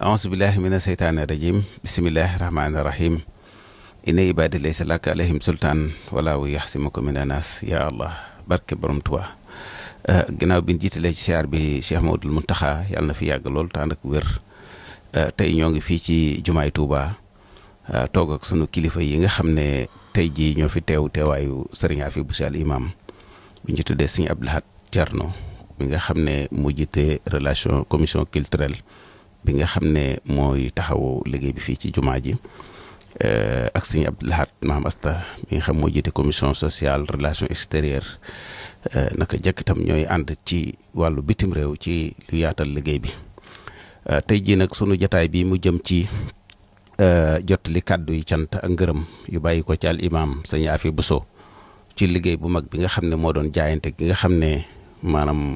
aousubillahi mina seytaani rajim bisimillahi rahmaani rahim ina ibaadi laysa laka alayhim sultaan wala wu yaxsimuka min anas ya allah barke borom tuba eh, ginaaw bi ñu jiitalee ci siyaar bi Cheikh Maodul Muntaxa yàlla na fi yàgg lool te ànd ak wér eh, tey ñoo ngi fii ci jumaay Touba eh, toog ak sunu kilifa yi nga xam ne tey jii ñoo fi teew teewaayu sëriñ Afi Busi al imam bu ñu tuddee sëriñ Abdul Ahad Cerno mi nga xam ne mu jiite relation commission culturelle bi nga xam ne mooy taxawu liggéey bi fii ci jumaa ji eh, ak sëñ Abdou Lahad maam Asta mi nga xam moo jiite commission sociale relation extérieure eh, naka jëkk itam ñooy ànd ci wàllu bitim réew ci lu yaatal liggéey bi eh, tey jii nag sunu jataay bi mu jëm ci jot li kàddu yi cant ak ngërëm yu bàyyi ko ci al imaam sëñ Afi Buso ci liggéey bu mag bi nga xam ne moo doon jaayante ki nga xam ne maanaam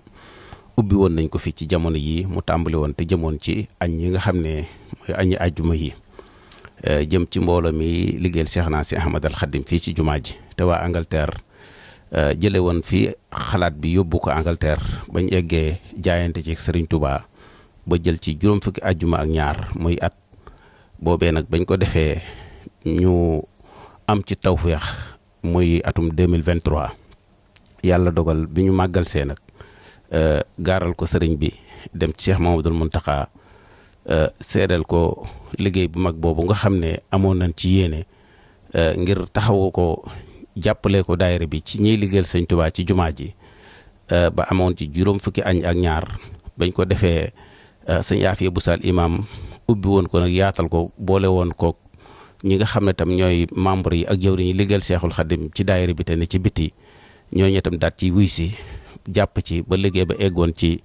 ubbi woon nañ ko fi ci jamono yi mu tàmbali woon te jëmoon ci añ yi nga xam ne mooy añi yi eh, jëm ci mbooloo mi liggéeyal Cheikh naa si Ahmad al Xadim fii ci jumaa ji te waa Angleterre eh, jële woon fii xalaat bi yóbbu ko Angleterre bañ eggee jaayante ci Serigne Touba ba jël ci juróom fukki àjjuma ak ñaar mooy at boobee nag bañ ko defee ñu am ci taw tawféex mooy atum 2023 yàlla dogal bi ñu màggal see nag Euh, gaaral ko sëriñ bi dem ci Cheikh Mamadul Muntaxa euh, seedal ko liggéey bu mag boobu nga xam ne amoon nañ ci yéene euh, ngir taxawu ko jàppale ko daayira bi ci ñiy liggéeyal sëñ Tuubaa ci jumaa ji ba amoon ci juróom fukki añ ak ñaar bañ ko defee sëñ Aafiya bu Saal imaam ubbi woon ko nag yaatal ko boole woon ko ñi nga xam ne tam ñooy membre yi ak jëwriñ yi liggéeyal Seexul Xadim ci daayira bi te ne ci biti ñooñu itam daat ci wuy si jàpp ci ba liggéey ba eggoon ci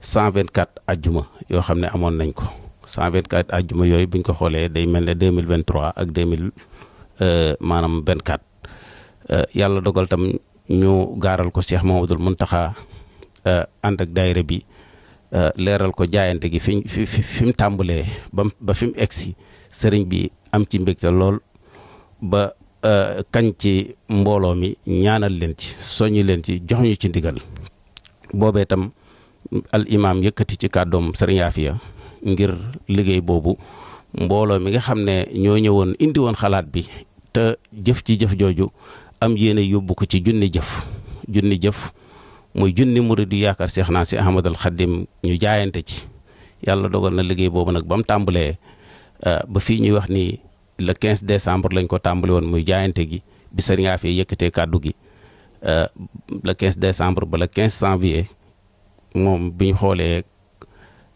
124 ajjuma yoo xam ne amoon nañ ko 124 ajjuma yooyu buñ ko xoolee day mel ne 2023 ak 2000 euh, maanaam 24 euh, yàlla dogal tam ñu gaaral ko Cheikh Mamadul Muntaxa euh, ànd ak daayira bi leeral ko jaayante gi fi fi fi fi mu tàmbalee ba ba fi mu egg si sëriñ bi am ci mbégte lool ba kañ ci mbooloo mi ñaanal leen ci soññi leen ci jox ñu ci ndigal boobee tam al imaam yëkkati ci kàddoom sëriñ Yaafiya ngir liggéey boobu mbooloo mi nga xam ne ñoo ñëwoon indi woon xalaat bi te jëf ci jëf jooju am yéene yóbbu ko ci junni jëf junni jëf mooy junni murid yu yaakaar Seex naa si Ahmadul Xadim ñu jaayante ci yàlla dogal na liggéey boobu nag ba mu tàmbalee euh, ba fii ñuy wax ni le 15 décembre lañ ko tàmbale woon muy jaayante gi bi sëriñ yëkkatee kàddu gi Euh, le 15 décembre ba le 15 janvier moom bi ñu xoolee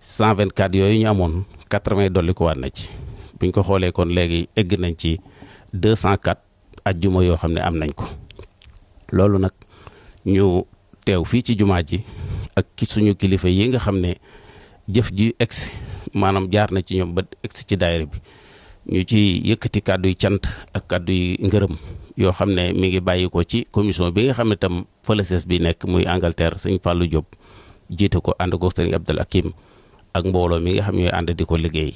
124 yooyu ñu amoon 80 dolli ko waan na ci buñ ko xoolee kon léegi egg nañ ci cent ak juma yoo xam ne am nañ ko loolu nag ñu teew fii ci jumaa ji ak ki suñu kilifa yi nga xam ne jëf ji egsi maanaam jaar na ci ñoom ba egsi ci daayira bi ñu ci yëkkati kàddu yi cant ak kàddu yi ngërëm yoo xam ne mi ngi bàyyi ko ci commission bi nga xam ne tam fële sees bi nekk muy Angleterre sëñ Fallou Diop jiite ko ànd ko sëñ Abdul Hakim ak mbooloo mi nga xam ñooy ànd di ko liggéey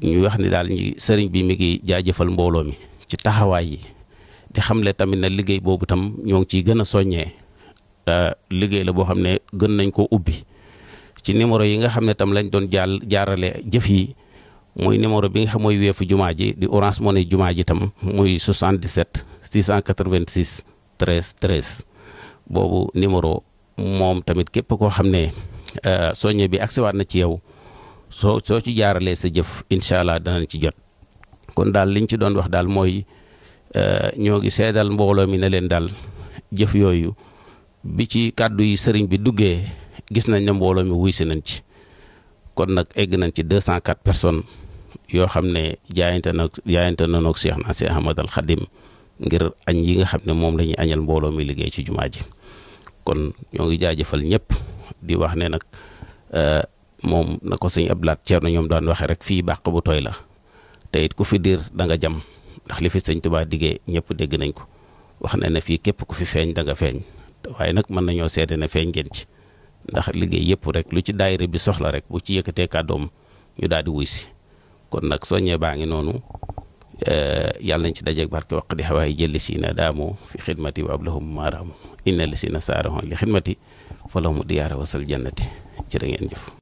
ñu wax ni daal ñi sëriñ bi mi ngi jaajëfal mbooloo mi ci taxawaay yi di xam le tamit na liggéey boobu tam ñoo ngi ciy gën a soññee euh, liggéey la boo xam ne gën nañ ko ubbi ci numéro yi nga xam ne tam lañ doon jàll jaarale jëf yi. mooy numéro bi nga xam mooy weefu jumaa ji di orange money jumaa ji tam mooy muy 77 686 13 13 boobu numéro moom tamit képp koo xam ne euh, soññe bi agsiwaat na ci yow soo soo ci jaaralee sa jëf incha allah danañ ci jot kon daal liñ ci doon wax daal mooy euh, ñoo gi seedal mbooloo mi ne leen daal jëf yooyu bi ci kàddu yi sëriñ bi duggee gis nañ ne mbooloo mi wuy si nañ ci kon nag egg nañ ci 204 personnes yoo xam ne jaayante na jaayante na noog Cheikh na Cheikh Ahmad ngir añ yi nga xam ne moom lañuy añal mbooloo mi liggéey ci jumaa ji kon ñoo ngi jaajëfal ñëpp di wax ne nag euh, moom na ko sëñ Abdoulaat Ceerno ñoom daan waxee rek fii bàq bu tooy la te it ku fi diir da jam ndax li fi sëñ Tuubaa ñëpp dégg nañ ko wax ne ne fii képp ku fi feeñ da nga feeñ waaye nag mën nañoo seede na feeñ ngeen ci ndax liggéey yëpp rek lu ci daayira bi soxla rek bu ci yëkkatee kàddoom ñu daal di wuy si kon nag soññee baa ngi noonu eh, yàlla nañ ci dajeeg barke waq di xawaay jëlli si na daamoo fi xidmati wa ab lahum maaraamu inna li si na saarahon li xidmati fa lahum diyaara wasal jannati jërë ngeen jëf